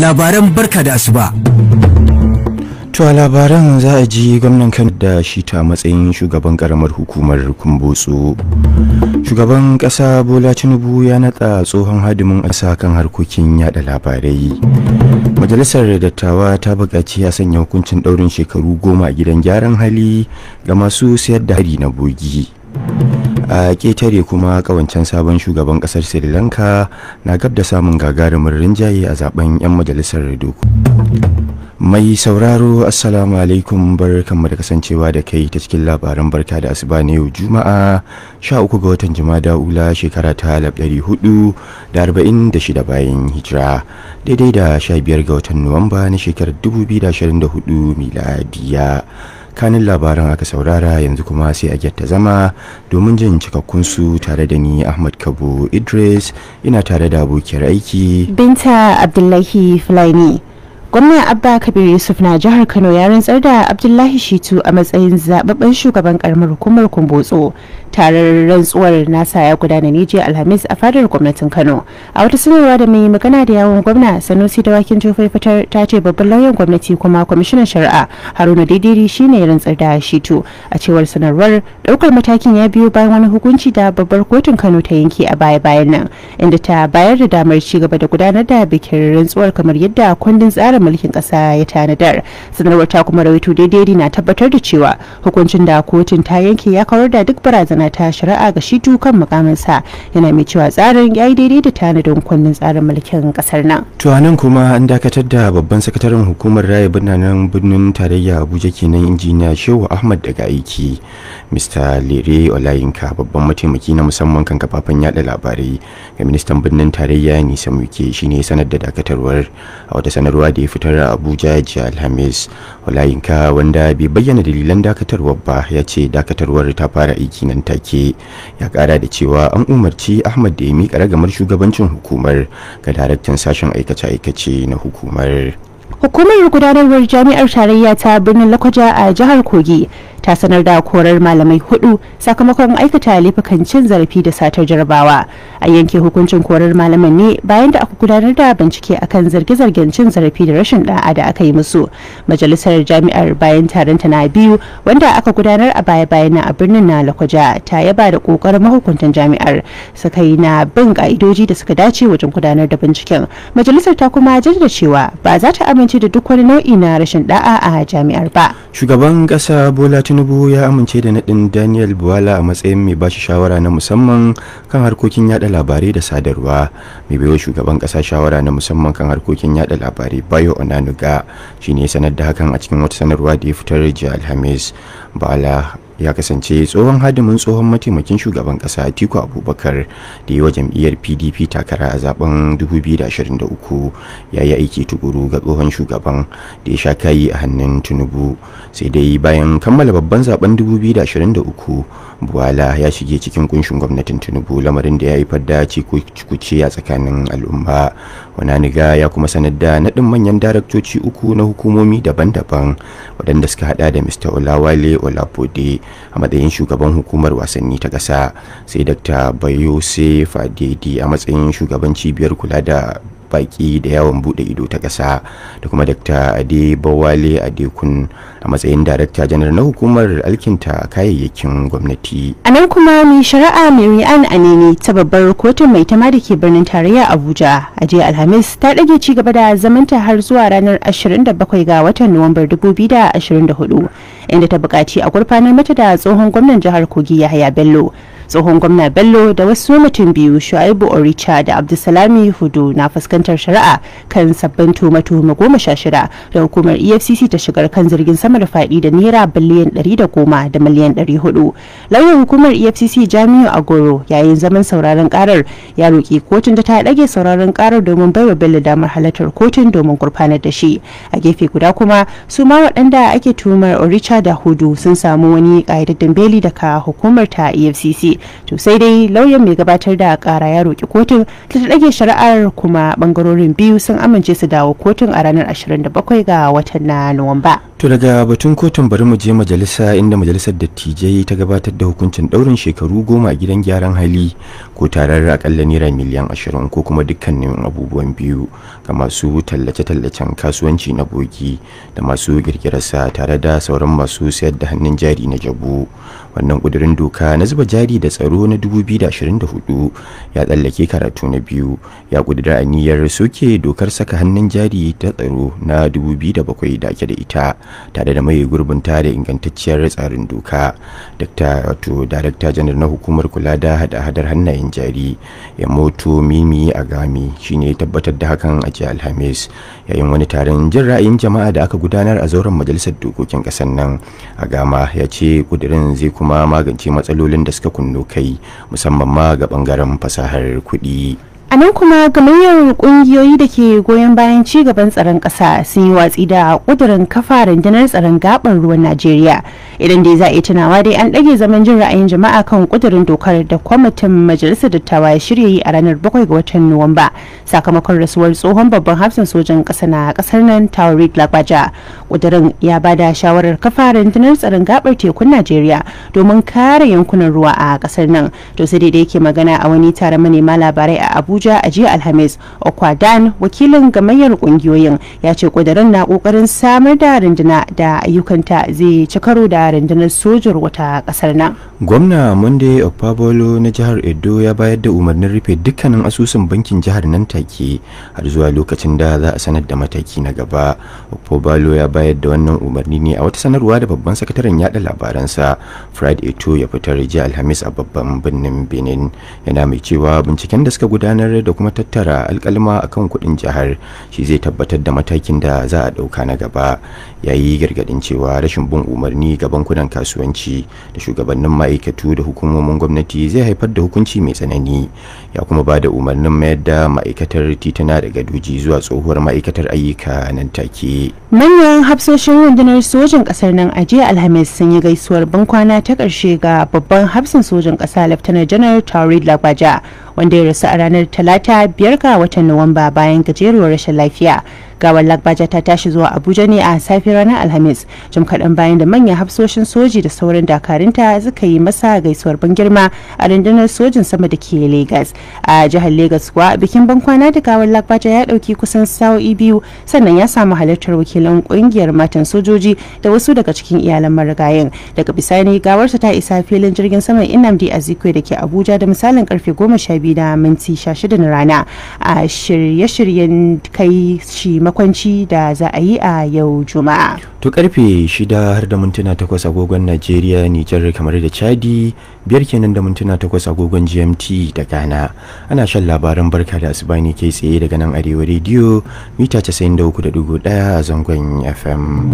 labaran barka da asuba to a labaran za a ji gwamnan kan da shi ta matsayin shugaban karamar hukumar kumbotso shugaban kasa bola tinubu ya nata tsohon hadimin asa kan harkokin yada labarai majalisar dattawa ta buƙaci ya sanya hukuncin ɗaurin shekaru goma a gidan gyaran hali ga masu sayar da hari na bogi a ƙetare kuma kawancen sabon shugaban ƙasar sri lanka na gab da samun gagarumin rinjaye a zaben 'yan majalisar doku mai sauraro assalamu alaikum barkanmu da kasancewa da kai ta cikin labaran barka da asuba na yau juma'a 13 ga watan jumada ula shekara ta 446 bayan hijira daidai da 15 ga watan nuwamba na shekarar 2024 miladiya kanin labaran aka saurara yanzu kuma sai a gyatta zama domin jin cikakkunsu tare da ni ahmad kabu idris ina tare da abokiyar aiki binta abdullahi fulani gwamnan abba kabir yusuf na jihar kano ya rantsar da abdullahi shitu a matsayin zababben shugaban karamar hukumar kumbotso taron rantsuwar nasa ya gudana ne jiya alhamis a fadar gwamnatin kano a wata sanarwa da mai magana da yawon gwamna sanusi dawakin jofai fitar ta ce babban lauyan gwamnati kuma kwamishinan shari'a haruna daidiri shine ya rantsar da to a cewar sanarwar daukar matakin ya biyo bayan wani hukunci da babbar kotun kano ta yanke a baya bayan nan inda ta bayar da damar ci gaba da gudanar da bikin rantsuwar kamar yadda kundin tsarin mulkin kasa ya tanadar sanarwar ta kuma rawaito daidiri na tabbatar da cewa hukuncin da kotun ta yanke ya kawar da duk barazana yana shari'a ga shi kan mukaminsa yana mai cewa tsarin ya yi daidai da tanadin kundin tsarin mulkin kasar nan. to anan kuma an dakatar da babban sakataren hukumar raya birnin birnin tarayya abuja kenan injiniya shehu ahmad daga aiki mr lere olayinka babban mataimaki na musamman kan kafafen yada labarai ga ministan birnin tarayya nisa muke shine sanar da dakatarwar a wata sanarwa da ya fitar a abuja jiya alhamis olayinka wanda bai bayyana dalilan dakatarwar ba ya ce dakatarwar ta fara aiki nan take ya kara da cewa an umarci ahmad da ya miƙa ragamar shugabancin hukumar ga daraktan sashen aikace-aikace na hukumar hukumar gudanarwar jami'ar tarayya ta birnin lakwaja a jihar kogi ta sanar da korar malamai hudu sakamakon aikata laifukan cin zarafi da satar jarabawa a yanke hukuncin korar malaman ne bayan da aka gudanar da bincike akan zarge-zargen cin zarafi da rashin da'a da aka yi musu majalisar jami'ar bayan taron ta na biyu wanda aka gudanar a baya-bayan na a birnin na lakwaja ta yaba da kokarin mahukuntan jami'ar suka yi na bin ka'idoji da suka dace wajen gudanar da binciken majalisar ta kuma jaddada cewa ba za ta amince da duk wani nau'i na rashin da'a a jami'ar ba shugaban kasa bola tinubu ya amince da naɗin daniel buwala a matsayin mai bashi shawara na musamman kan harkokin yada labarai da sadarwa mai baiwa shugaban ƙasa shawara na musamman kan harkokin yada labarai bayo onanuga shine sanar da hakan a cikin wata sanarwa da ya fitar jiya alhamis bala ya kasance tsohon hadimin tsohon mataimakin shugaban kasa atiku abubakar da yi wa jam'iyyar pdp takara a zaben 2023 ya yi aiki tukuru ga tsohon shugaban da ya sha kayi a hannun tinubu sai dai bayan kammala babban zaben 2023 buwala ya shige cikin kunshin gwamnatin tinubu lamarin da ya haifar da cikuci a tsakanin al'umma wani aniga ya kuma sanar da naɗin manyan daraktoci uku na hukumomi daban-daban waɗanda suka hada da mr olawale olapode a matsayin shugaban hukumar wasanni ta ƙasa sai dr sai fadidi a matsayin shugaban cibiyar kula da baki da yawon bude ido ta kasa da kuma dr ade bawale adekun a matsayin darakta janar na hukumar alkinta kayayyakin gwamnati a nan kuma mai shari'a mary anene ta babbar kotun mai tama da ke birnin tarayya abuja a jiya alhamis ta dage ci gaba da zamanta har zuwa ranar 27 ga watan nuwambar 2024 inda ta bukaci a gurfanar mata da tsohon gwamnan jihar kogi yahaya bello tsohon gwamna bello da wasu mutum biyu shu'aibu oricha da abdulsalami hudu na fuskantar shari'a kan sabbin tuhuma-tuhuma goma sha shida da hukumar efcc ta shigar kan jirgin sama da faɗi da naira biliyan ɗari da goma da miliyan ɗari hudu lauyan hukumar efcc jamiu agoro yayin zaman sauraron karar ya roƙi kotun da ta ɗage sauraron karar domin baiwa bello damar halartar kotun domin gurfanar da shi a gefe guda kuma su ma waɗanda ake tuhumar oricha da hudu sun samu wani ƙayyadaddin beli daga hukumar ta efcc to sai dai lauyan mai gabatar da kara ya roki kotun ta ɗage shari'ar kuma bangarorin biyu sun amince su dawo kotun a ranar 27 ga watan na nuwamba to daga batun kotun bari mu je majalisa inda majalisar dattijai ta gabatar da hukuncin daurin shekaru goma a gidan gyaran hali ko tarar akalla naira miliyan ashirin ko kuma dukkanin abubuwan biyu ga masu tallace-tallacen kasuwanci na bogi da masu girgirarsa tare da sauran masu sayar da hannun jari na jabu wannan kudirin doka na zuba jari da tsaro na 2024 ya tsallake karatu na biyu ya kudura aniyar soke dokar saka hannun jari ta tsaro na 2007 da ake da ita tare da mai gurbin tare ingantacciyar tsarin doka wato darakta janar na hukumar kula da hada-hadar hannayen jari ya moto mimi agami shine tabbatar da hakan a jihar alhamis yayin wani taron jin ra'ayin jama'a da aka gudanar a zauren majalisar dokokin kasar nan a gama ya ce kudirin zai kuma magance matsalolin da suka kunno kai musamman ma ga bangaren fasahar kuɗi. a nan kuma gamayyar kungiyoyi da ke goyon bayan ci gaban tsaron ƙasa sun yi watsi da ƙudurin kafa rundunar tsaron gaɓar ruwan najeriya idan dai za a yi tunawa dai an ɗage zaman jin ra'ayin jama'a kan kudurin dokar da kwamitin majalisar dattawa ya shirya yi a ranar 7 ga watan nuwamba sakamakon rasuwar tsohon babban hafsan sojan ƙasa na ƙasar nan tawari labaja ƙudurin ya ba da shawarar kafa rundunar tsaron gaɓar tekun najeriya domin kare yankunan ruwa a ƙasar nan to sai daidai yake magana a wani tare manema labarai a abu abuja a jiya alhamis okwadan wakilin gamayyar kungiyoyin ya ce kudirin na kokarin samar da rundunar da ayyukanta zai ci karo da rundunar sojar wata kasar nan gwamna monday okpabolo na jihar edo ya bayar da umarnin rufe dukkanin asusun bankin jihar nan take har zuwa lokacin da za a sanar da mataki na gaba okpabolo ya bayar da wannan umarni ne a wata sanarwa da babban sakataren yada labaransa friday 2 ya fitar jiya alhamis a babban birnin benin yana mai cewa binciken da suka gudanar gudanar da kuma tattara alkalma akan kuɗin jihar shi zai tabbatar da matakin da za a ɗauka na gaba ya yi gargaɗin cewa rashin bin umarni ga bankunan kasuwanci da shugabannin ma'aikatu da hukumomin gwamnati zai haifar da hukunci mai tsanani ya kuma ba da umarnin mayar da ma'aikatar titina daga doji zuwa tsohuwar ma'aikatar ayyuka nan take manyan hafsoshin rundunar sojin ƙasar nan a jiya alhamis sun yi gaisuwar bankwana ta karshe ga babban hafsin sojin ƙasa laftanar janar taurid lagbaja wanda ya rasu a ranar talata biyar ga watan nuwamba bayan gajeruwar rashin lafiya gawar lagbaja ta tashi zuwa abuja ne a safe ranar alhamis jim kaɗan bayan da manyan hafsoshin soji da sauran dakarinta suka yi masa gaisuwar ban girma a rundunar sojin sama da ke lagos a jihar lagos kuwa bikin bankwana da gawar lagbaja ya ɗauki kusan sa'o'i biyu sannan ya samu halartar wakilan ƙungiyar matan sojoji da wasu daga cikin iyalan marigayin daga bisani gawarsa ta isa filin jirgin saman inamdi azikwe da ke abuja da misalin karfe goma sha biyu da minti sha shida na rana a shirye-shiryen kai shi makwanci da za a yi a yau juma'a to karfe shida har da mintuna takwas agogon najeriya nijar kamar da chadi biyar kenan da mintuna takwas agogon gmt da ghana ana shan labaran barka da asuba ne tsaye daga nan arewa rediyo mita 93.1 a zangon fm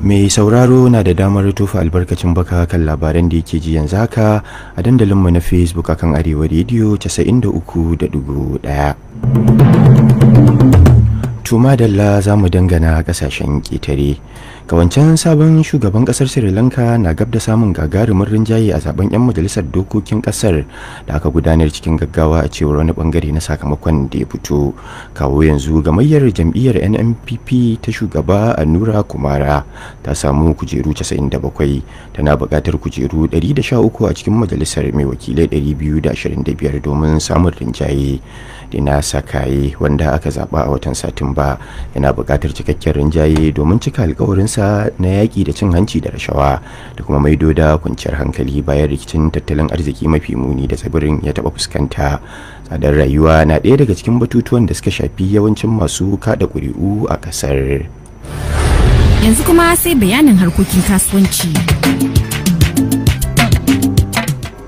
mai sauraro na da damar tofa albarkacin baka kan labaran da yake ji yanzu haka a dandalinmu na facebook akan arewa rediyo 93.1 tuma dalla za mu dangana kasashen ƙetare kawancen sabon shugaban kasar sri lanka na gab da samun gagarumin rinjaye a zaben 'yan majalisar dokokin kasar da aka gudanar cikin gaggawa a cewar wani bangare na sakamakon da ya fito kawo yanzu gamayyar jam'iyyar nnpp ta shugaba anura kumara ta samu kujeru 97 tana buƙatar kujeru 113 a cikin majalisar mai wakilai 225 domin samun rinjaye dinasa kaye wanda aka zaba a watan satumba yana bukatar cikakken rinjaye domin cika alkawarinsa na yaƙi da cin hanci da rashawa da kuma maido da kwanciyar hankali bayan rikicin tattalin arziki mafi muni da tsibirin ya taɓa fuskanta tsadar rayuwa na ɗaya daga cikin batutuwan da suka shafi yawancin masu kada ƙuri'u a ƙasar yanzu kuma sai bayanin harkokin kasuwanci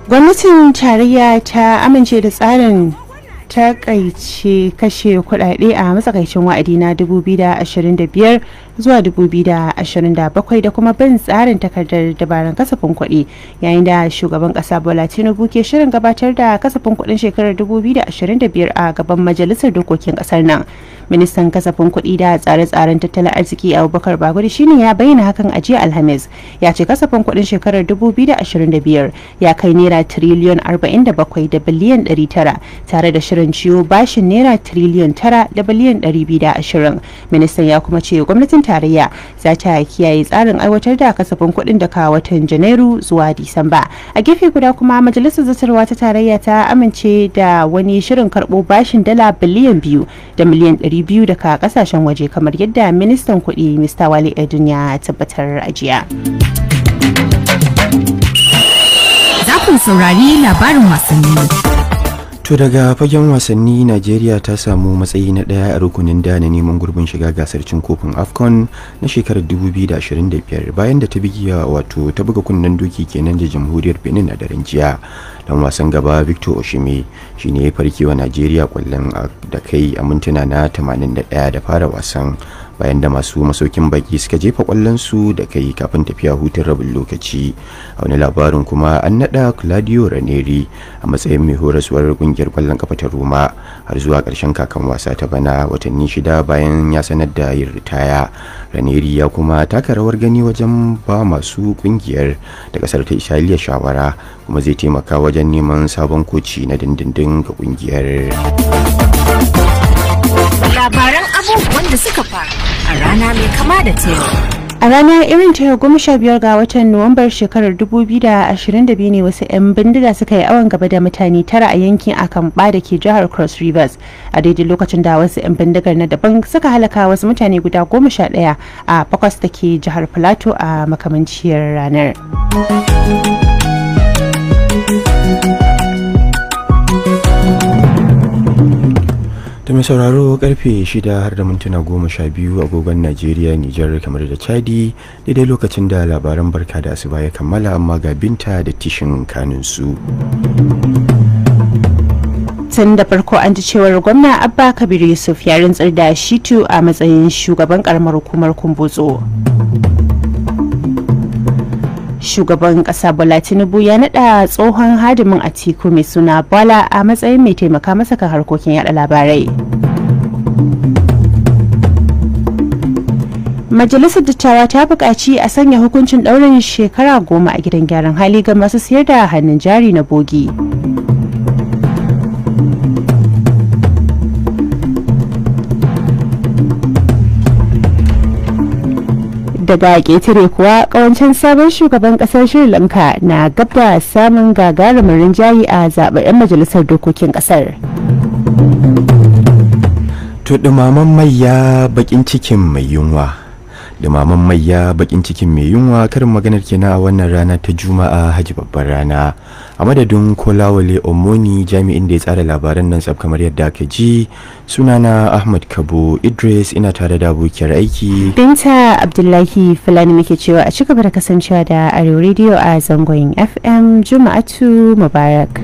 gwamnatin tarayya ta amince da tsarin takaice kashe kuɗaɗe a matsakaicin wa'adi na 2025 zuwa 2027 da kuma bin tsarin takardar dabarun kasafin kuɗi yayin da shugaban ƙasa bola tinubu ke shirin gabatar da kasafin kuɗin shekarar 2025 a gaban majalisar dokokin ƙasar nan ministan kasafin kuɗi da tsare-tsaren tattalin arziki abubakar baguri shine ya bayyana hakan a jiya alhamis ya ce kasafin kuɗin shekarar 2025 ya kai naira tiriliyon 47 da biliyan 900 tare da shirin ciwo bashin naira tiriliyon 9 da biliyan 220 ministan ya kuma ce gwamnatin tarayya za ta kiyaye tsarin aiwatar da kasafin kuɗin daga watan janairu zuwa disamba a gefe guda kuma majalisar zartarwa ta tarayya ta amince da wani shirin karɓo bashin dala biliyan biyu da miliyan ɗari biyu daga ƙasashen waje kamar yadda ministan kuɗi mr wale ya tabbatar ajiya. jiya. Za saurari labarin wasanni. To daga fagen wasanni Najeriya ta samu matsayi na ɗaya a rukunin da na neman gurbin shiga gasar cin kofin AFCON na shekarar 2025 bayan da ta bigiya wato ta buga kunnen doki kenan da jamhuriyar Benin a daren jiya. Dan wasan gaba Victor Oshime shine ya farkewa Najeriya kwallon da kai a mintuna na 81 da fara wasan bayan da masu masaukin baki suka jefa su da kai kafin tafiya hutun rabin lokaci a wani labarin kuma an nada claudio raneri a matsayin mai horaswar kungiyar kwallon kafa ta roma har zuwa karshen kakan wasa ta bana watanni shida bayan ya sanar da yin ritaya raneri ya kuma taka rawar gani wajen ba masu kungiyar da kasar ta italiya shawara kuma zai taimaka wajen neman sabon koci na dindindin ga kungiyar labaran abubuwan da suka faru a rana mai kama da ta A ranar irin ta goma sha biyar ga watan Nuwambar shekarar 2022 ne wasu 'yan bindiga suka yi awon gaba da mutane tara a yankin Akamba da ke jihar Cross Rivers. A daidai lokacin da wasu 'yan bindigar na daban suka halaka wasu mutane guda goma sha ɗaya a Pakos da ke jihar Plateau a makamanciyar ranar. mai sauraro karfe 6 har da mintuna 12 agogon najeriya nijar kamar da chadi daidai lokacin da labaran barka da asuba ya kammala amma ga binta da tishin kaninsu tun da farko an ji cewar gwamna abba kabir yusuf ya rantsar da shitu a matsayin shugaban karamar hukumar kumbutso shugaban kasa bola tinubu ya nada tsohon hadimin atiku mai suna bola a matsayin mai taimaka masa kan harkokin yada labarai majalisar dattawa ta buƙaci a sanya hukuncin ɗaurin shekara goma a gidan gyaran hali ga masu siyar da hannun jari na bogi. daga ƙetare kuwa ƙawancin sabon shugaban ƙasar sri lanka na gab samun gagarumin rinjayi a zaɓen 'yan majalisar dokokin ƙasar. to dumaman mai ya baƙin cikin mai yunwa maman maiya bakin cikin mai yunwa karin maganar kenan a wannan rana ta juma'a haji babbar rana a madadin kolawale omoni jami'in da ya tsara labaran nan tsab kamar yadda aka ji sunana ahmad kabo idris ina tare da abokiyar aiki binta abdullahi fulani muke cewa a cika da kasancewa da arewa rediyo a zangon fm juma'atu mubarak